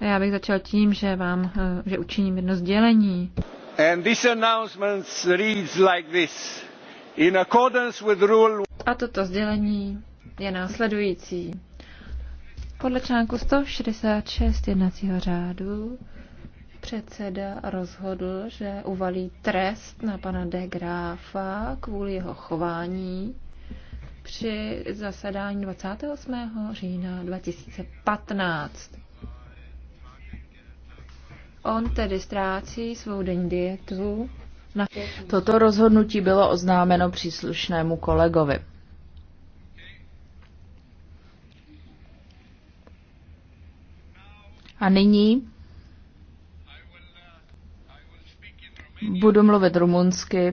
Já bych začal tím, že vám, eh, že učiním jedno sdělení. And this announcement reads like this. In accordance with rule... A toto sdělení je následující. Podle článku 166 jednacího řádu předseda rozhodl, že uvalí trest na pana de Gráfa kvůli jeho chování při zasedání 28. října 2015. On tedy ztrácí svou denní dietu. Na... Toto rozhodnutí bylo oznámeno příslušnému kolegovi. A nyní budu mluvit rumunsky.